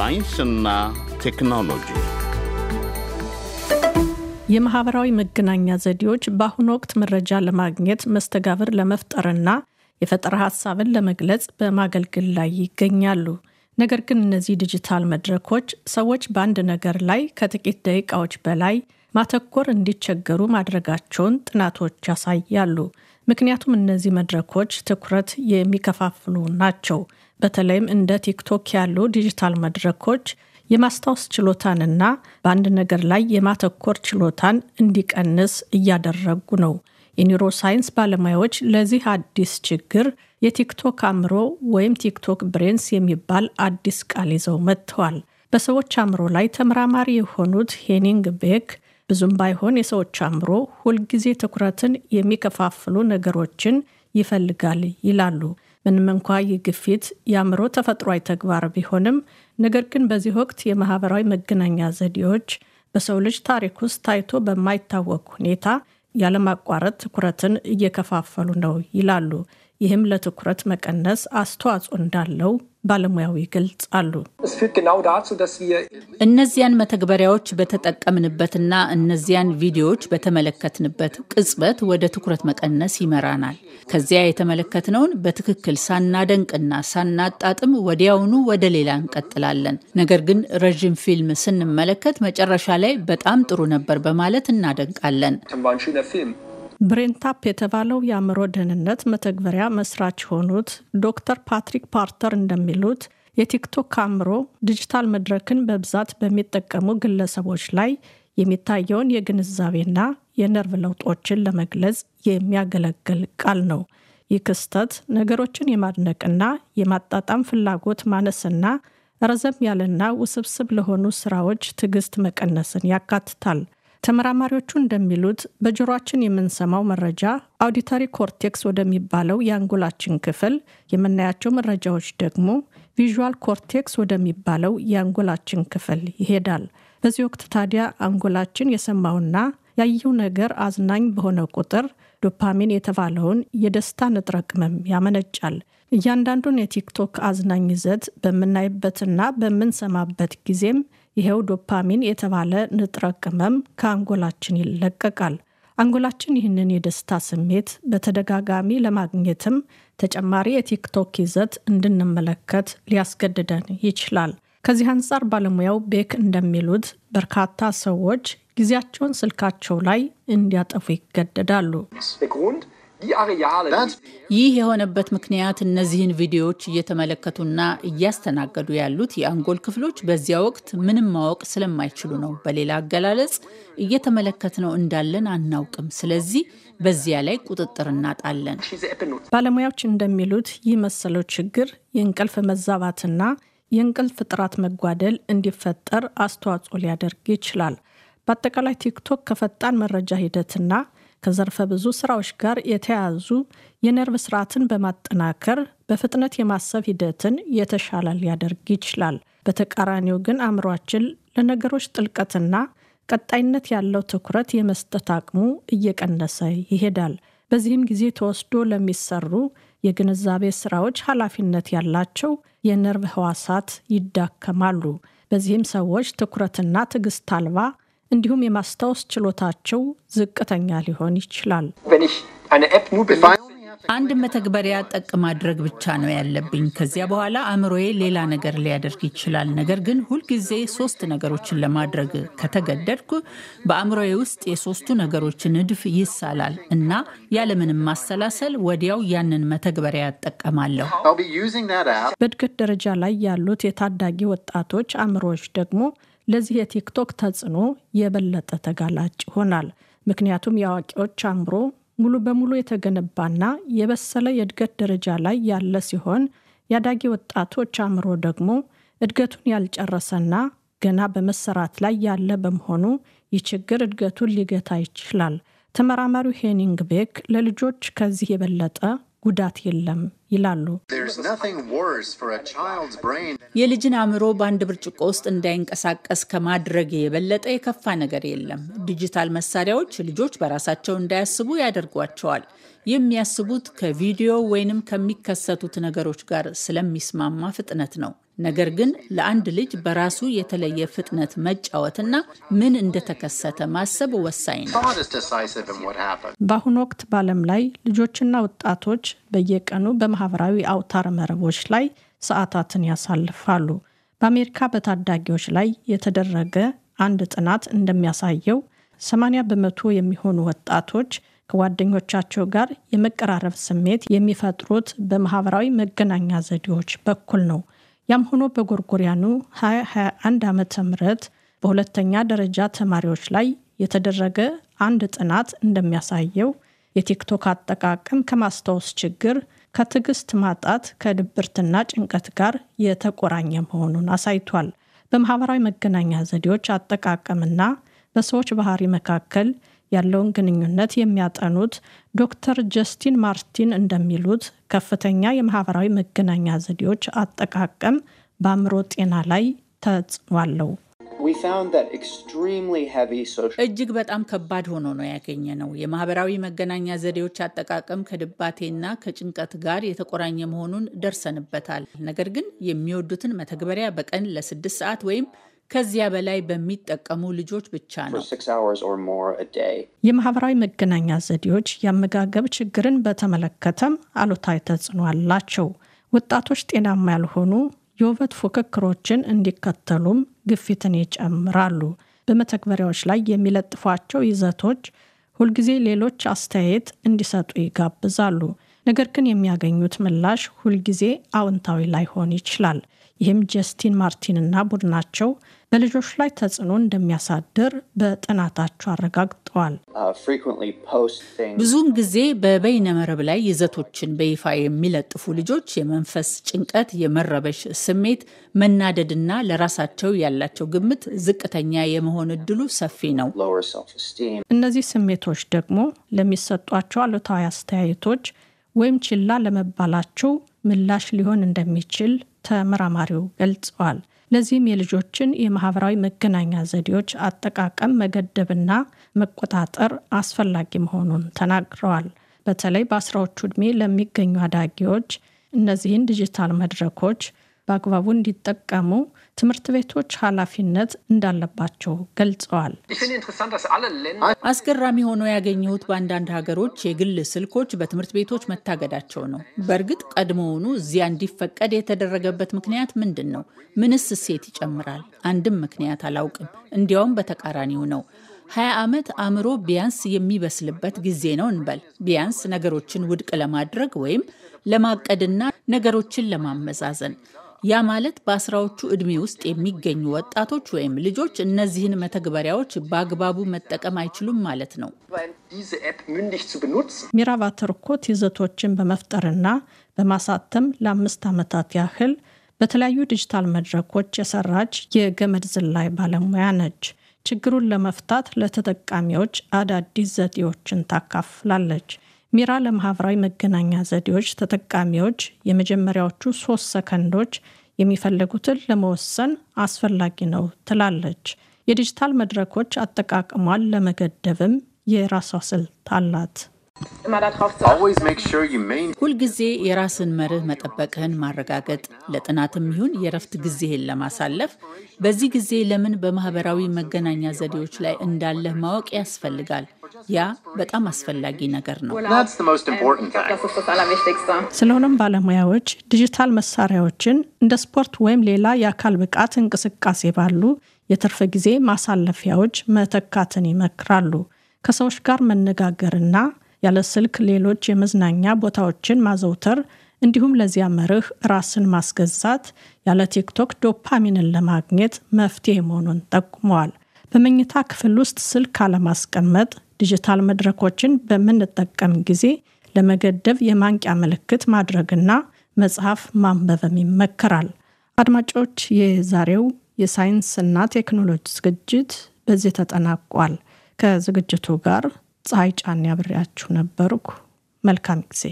ሳይንስና ቴክኖሎጂ የማህበራዊ መገናኛ ዘዴዎች በአሁኑ ወቅት መረጃ ለማግኘት መስተጋብር ለመፍጠርና የፈጠራ ሀሳብን ለመግለጽ በማገልገል ላይ ይገኛሉ። ነገር ግን እነዚህ ዲጂታል መድረኮች ሰዎች በአንድ ነገር ላይ ከጥቂት ደቂቃዎች በላይ ማተኮር እንዲቸገሩ ማድረጋቸውን ጥናቶች ያሳያሉ። ምክንያቱም እነዚህ መድረኮች ትኩረት የሚከፋፍሉ ናቸው። በተለይም እንደ ቲክቶክ ያሉ ዲጂታል መድረኮች የማስታወስ ችሎታንና በአንድ ነገር ላይ የማተኮር ችሎታን እንዲቀንስ እያደረጉ ነው። የኒውሮ ሳይንስ ባለሙያዎች ለዚህ አዲስ ችግር የቲክቶክ አእምሮ ወይም ቲክቶክ ብሬንስ የሚባል አዲስ ቃል ይዘው መጥተዋል። በሰዎች አእምሮ ላይ ተመራማሪ የሆኑት ሄኒንግ ቤክ ብዙም ባይሆን የሰዎች አእምሮ ሁልጊዜ ትኩረትን የሚከፋፍሉ ነገሮችን ይፈልጋል ይላሉ። ምንም እንኳ ይህ ግፊት የአእምሮ ተፈጥሯዊ ተግባር ቢሆንም ነገር ግን በዚህ ወቅት የማህበራዊ መገናኛ ዘዴዎች በሰው ልጅ ታሪክ ውስጥ ታይቶ በማይታወቅ ሁኔታ ያለማቋረጥ ትኩረትን እየከፋፈሉ ነው ይላሉ። ይህም ለትኩረት መቀነስ አስተዋጽኦ እንዳለው ባለሙያው ይገልጻሉ። እነዚያን መተግበሪያዎች በተጠቀምንበትና እነዚያን ቪዲዮዎች በተመለከትንበት ቅጽበት ወደ ትኩረት መቀነስ ይመራናል። ከዚያ የተመለከትነውን በትክክል ሳናደንቅና ሳናጣጥም ወዲያውኑ ወደ ሌላ እንቀጥላለን። ነገር ግን ረዥም ፊልም ስንመለከት መጨረሻ ላይ በጣም ጥሩ ነበር በማለት እናደንቃለን። ብሬንታፕ የተባለው የአእምሮ ደህንነት መተግበሪያ መስራች የሆኑት ዶክተር ፓትሪክ ፓርተር እንደሚሉት የቲክቶክ አእምሮ ዲጂታል መድረክን በብዛት በሚጠቀሙ ግለሰቦች ላይ የሚታየውን የግንዛቤና የነርቭ ለውጦችን ለመግለጽ የሚያገለግል ቃል ነው። ይህ ክስተት ነገሮችን የማድነቅና የማጣጣም ፍላጎት ማነስና ረዘም ያለና ውስብስብ ለሆኑ ስራዎች ትዕግስት መቀነስን ያካትታል። ተመራማሪዎቹ እንደሚሉት በጆሮአችን የምንሰማው መረጃ አውዲተሪ ኮርቴክስ ወደሚባለው የአንጎላችን ክፍል፣ የምናያቸው መረጃዎች ደግሞ ቪዥዋል ኮርቴክስ ወደሚባለው የአንጎላችን ክፍል ይሄዳል። በዚህ ወቅት ታዲያ አንጎላችን የሰማውና ያየው ነገር አዝናኝ በሆነ ቁጥር ዶፓሚን የተባለውን የደስታ ንጥረ ቅመም ያመነጫል። እያንዳንዱን የቲክቶክ አዝናኝ ይዘት በምናይበትና በምንሰማበት ጊዜም ይሄው ዶፓሚን የተባለ ንጥረ ቅመም ከአንጎላችን ይለቀቃል። አንጎላችን ይህንን የደስታ ስሜት በተደጋጋሚ ለማግኘትም ተጨማሪ የቲክቶክ ይዘት እንድንመለከት ሊያስገድደን ይችላል። ከዚህ አንጻር ባለሙያው ቤክ እንደሚሉት በርካታ ሰዎች ጊዜያቸውን ስልካቸው ላይ እንዲያጠፉ ይገደዳሉ። ይህ የሆነበት ምክንያት እነዚህን ቪዲዮዎች እየተመለከቱና እያስተናገዱ ያሉት የአንጎል ክፍሎች በዚያ ወቅት ምንም ማወቅ ስለማይችሉ ነው። በሌላ አገላለጽ እየተመለከትነው እንዳለን አናውቅም። ስለዚህ በዚያ ላይ ቁጥጥር እናጣለን። ባለሙያዎች እንደሚሉት ይህ መሰለው ችግር የእንቅልፍ መዛባትና የእንቅልፍ ጥራት መጓደል እንዲፈጠር አስተዋጽኦ ሊያደርግ ይችላል። በአጠቃላይ ቲክቶክ ከፈጣን መረጃ ሂደትና ከዘርፈ ብዙ ስራዎች ጋር የተያያዙ የነርቭ ስርዓትን በማጠናከር በፍጥነት የማሰብ ሂደትን የተሻለ ሊያደርግ ይችላል። በተቃራኒው ግን አእምሯችን ለነገሮች ጥልቀትና ቀጣይነት ያለው ትኩረት የመስጠት አቅሙ እየቀነሰ ይሄዳል። በዚህም ጊዜ ተወስዶ ለሚሰሩ የግንዛቤ ስራዎች ኃላፊነት ያላቸው የነርቭ ህዋሳት ይዳከማሉ። በዚህም ሰዎች ትኩረትና ትዕግስት አልባ እንዲሁም የማስታወስ ችሎታቸው ዝቅተኛ ሊሆን ይችላል። አንድ መተግበሪያ ጠቅ ማድረግ ብቻ ነው ያለብኝ። ከዚያ በኋላ አእምሮዬ ሌላ ነገር ሊያደርግ ይችላል። ነገር ግን ሁልጊዜ ሶስት ነገሮችን ለማድረግ ከተገደድኩ በአእምሮዬ ውስጥ የሶስቱ ነገሮች ንድፍ ይሳላል እና ያለምንም ማሰላሰል ወዲያው ያንን መተግበሪያ ያጠቀማለሁ። በእድገት ደረጃ ላይ ያሉት የታዳጊ ወጣቶች አእምሮዎች ደግሞ ለዚህ የቲክቶክ ተጽዕኖ የበለጠ ተጋላጭ ይሆናል። ምክንያቱም የአዋቂዎች አእምሮ ሙሉ በሙሉ የተገነባና የበሰለ የእድገት ደረጃ ላይ ያለ ሲሆን የአዳጊ ወጣቶች አእምሮ ደግሞ እድገቱን ያልጨረሰና ገና በመሰራት ላይ ያለ በመሆኑ ይህ ችግር እድገቱን ሊገታ ይችላል። ተመራማሪው ሄኒንግ ቤክ ለልጆች ከዚህ የበለጠ ጉዳት የለም ይላሉ። የልጅን አእምሮ በአንድ ብርጭቆ ውስጥ እንዳይንቀሳቀስ ከማድረግ የበለጠ የከፋ ነገር የለም። ዲጂታል መሳሪያዎች ልጆች በራሳቸው እንዳያስቡ ያደርጓቸዋል። የሚያስቡት ከቪዲዮ ወይንም ከሚከሰቱት ነገሮች ጋር ስለሚስማማ ፍጥነት ነው። ነገር ግን ለአንድ ልጅ በራሱ የተለየ ፍጥነት መጫወትና ምን እንደተከሰተ ማሰብ ወሳኝ ነው። በአሁኑ ወቅት በዓለም ላይ ልጆችና ወጣቶች በየቀኑ በማህበራዊ አውታር መረቦች ላይ ሰዓታትን ያሳልፋሉ። በአሜሪካ በታዳጊዎች ላይ የተደረገ አንድ ጥናት እንደሚያሳየው 80 በመቶ የሚሆኑ ወጣቶች ከጓደኞቻቸው ጋር የመቀራረብ ስሜት የሚፈጥሩት በማህበራዊ መገናኛ ዘዴዎች በኩል ነው። ያም ሆኖ በጎርጎሪያኑ 2021 ዓ ም በሁለተኛ ደረጃ ተማሪዎች ላይ የተደረገ አንድ ጥናት እንደሚያሳየው የቲክቶክ አጠቃቀም ከማስታወስ ችግር፣ ከትዕግስት ማጣት፣ ከድብርትና ጭንቀት ጋር የተቆራኘ መሆኑን አሳይቷል። በማህበራዊ መገናኛ ዘዴዎች አጠቃቀምና በሰዎች ባህሪ መካከል ያለውን ግንኙነት የሚያጠኑት ዶክተር ጀስቲን ማርቲን እንደሚሉት ከፍተኛ የማህበራዊ መገናኛ ዘዴዎች አጠቃቀም በአእምሮ ጤና ላይ ተጽዕኖ እጅግ በጣም ከባድ ሆኖ ነው ያገኘ ነው። የማህበራዊ መገናኛ ዘዴዎች አጠቃቀም ከድባቴና ከጭንቀት ጋር የተቆራኘ መሆኑን ደርሰንበታል። ነገር ግን የሚወዱትን መተግበሪያ በቀን ለስድስት ሰዓት ወይም ከዚያ በላይ በሚጠቀሙ ልጆች ብቻ ነው። የማህበራዊ መገናኛ ዘዴዎች የአመጋገብ ችግርን በተመለከተም አሉታዊ ተጽዕኖ አላቸው። ወጣቶች ጤናማ ያልሆኑ የውበት ፉክክሮችን እንዲከተሉም ግፊትን ይጨምራሉ። በመተግበሪያዎች ላይ የሚለጥፏቸው ይዘቶች ሁልጊዜ ሌሎች አስተያየት እንዲሰጡ ይጋብዛሉ። ነገር ግን የሚያገኙት ምላሽ ሁልጊዜ አዎንታዊ ላይሆን ይችላል። ይህም ጀስቲን ማርቲንና ቡድናቸው በልጆች ላይ ተጽዕኖ እንደሚያሳድር በጥናታቸው አረጋግጠዋል። uh, ብዙውን ጊዜ በበይነመረብ ላይ ይዘቶችን በይፋ የሚለጥፉ ልጆች የመንፈስ ጭንቀት፣ የመረበሽ ስሜት፣ መናደድና ለራሳቸው ያላቸው ግምት ዝቅተኛ የመሆን እድሉ ሰፊ ነው። እነዚህ ስሜቶች ደግሞ ለሚሰጧቸው አሉታዊ አስተያየቶች ወይም ችላ ለመባላቸው ምላሽ ሊሆን እንደሚችል ተመራማሪው ገልጸዋል። ለዚህም የልጆችን የማህበራዊ መገናኛ ዘዴዎች አጠቃቀም መገደብና መቆጣጠር አስፈላጊ መሆኑን ተናግረዋል። በተለይ በአስራዎቹ ዕድሜ ለሚገኙ አዳጊዎች እነዚህን ዲጂታል መድረኮች በአግባቡ እንዲጠቀሙ ትምህርት ቤቶች ኃላፊነት እንዳለባቸው ገልጸዋል። አስገራሚ ሆኖ ያገኘሁት በአንዳንድ ሀገሮች የግል ስልኮች በትምህርት ቤቶች መታገዳቸው ነው። በእርግጥ ቀድሞውኑ እዚያ እንዲፈቀድ የተደረገበት ምክንያት ምንድን ነው? ምንስ እሴት ይጨምራል? አንድም ምክንያት አላውቅም። እንዲያውም በተቃራኒው ነው። ሀያ ዓመት አእምሮ ቢያንስ የሚበስልበት ጊዜ ነው እንበል። ቢያንስ ነገሮችን ውድቅ ለማድረግ ወይም ለማቀድና ነገሮችን ለማመዛዘን ያ ማለት በአስራዎቹ ዕድሜ ውስጥ የሚገኙ ወጣቶች ወይም ልጆች እነዚህን መተግበሪያዎች በአግባቡ መጠቀም አይችሉም ማለት ነው። ሚራቫ ተርኮት ይዘቶችን በመፍጠርና በማሳተም ለአምስት ዓመታት ያህል በተለያዩ ዲጂታል መድረኮች የሰራች የገመድ ዝላይ ባለሙያ ነች። ችግሩን ለመፍታት ለተጠቃሚዎች አዳዲስ ዘዴዎችን ታካፍላለች። ሚራ ለማህበራዊ መገናኛ ዘዴዎች ተጠቃሚዎች የመጀመሪያዎቹ ሶስት ሰከንዶች የሚፈልጉትን ለመወሰን አስፈላጊ ነው ትላለች። የዲጂታል መድረኮች አጠቃቅሟል ለመገደብም የራሷ ስልት አላት። ሁልጊዜ የራስን መርህ መጠበቅህን ማረጋገጥ፣ ለጥናትም ይሁን የእረፍት ጊዜህን ለማሳለፍ በዚህ ጊዜ ለምን በማህበራዊ መገናኛ ዘዴዎች ላይ እንዳለህ ማወቅ ያስፈልጋል። ያ በጣም አስፈላጊ ነገር ነው። ስለሆነም ባለሙያዎች ዲጂታል መሳሪያዎችን እንደ ስፖርት ወይም ሌላ የአካል ብቃት እንቅስቃሴ ባሉ የትርፍ ጊዜ ማሳለፊያዎች መተካትን ይመክራሉ። ከሰዎች ጋር መነጋገርና ያለ ስልክ ሌሎች የመዝናኛ ቦታዎችን ማዘውተር እንዲሁም ለዚያ መርህ ራስን ማስገዛት ያለ ቲክቶክ ዶፓሚንን ለማግኘት መፍትሄ መሆኑን ጠቁመዋል። በመኝታ ክፍል ውስጥ ስልክ አለማስቀመጥ ዲጂታል መድረኮችን በምንጠቀም ጊዜ ለመገደብ የማንቂያ ምልክት ማድረግና መጽሐፍ ማንበብም ይመከራል። አድማጮች፣ የዛሬው የሳይንስና ቴክኖሎጂ ዝግጅት በዚህ ተጠናቋል። ከዝግጅቱ ጋር ፀሐይ ጫን ያብሬያችሁ ነበርኩ። መልካም ጊዜ